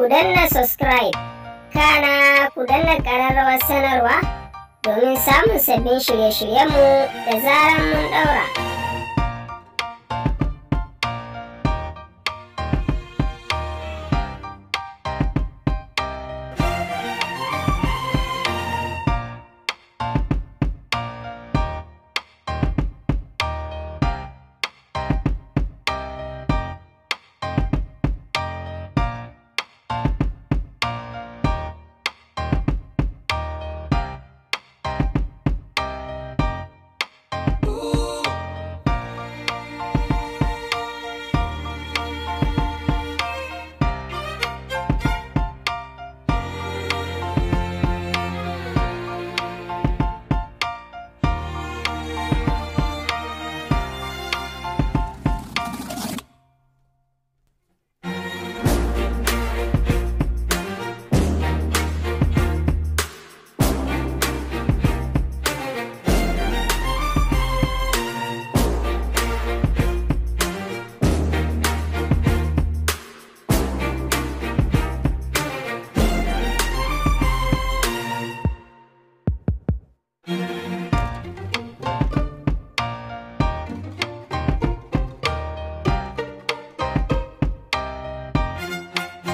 ku danna subscribe kana ku danna ƙararrawar sanarwa domin samun sabbin shirye-shiryenmu da zarar mun ɗaura.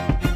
Bye.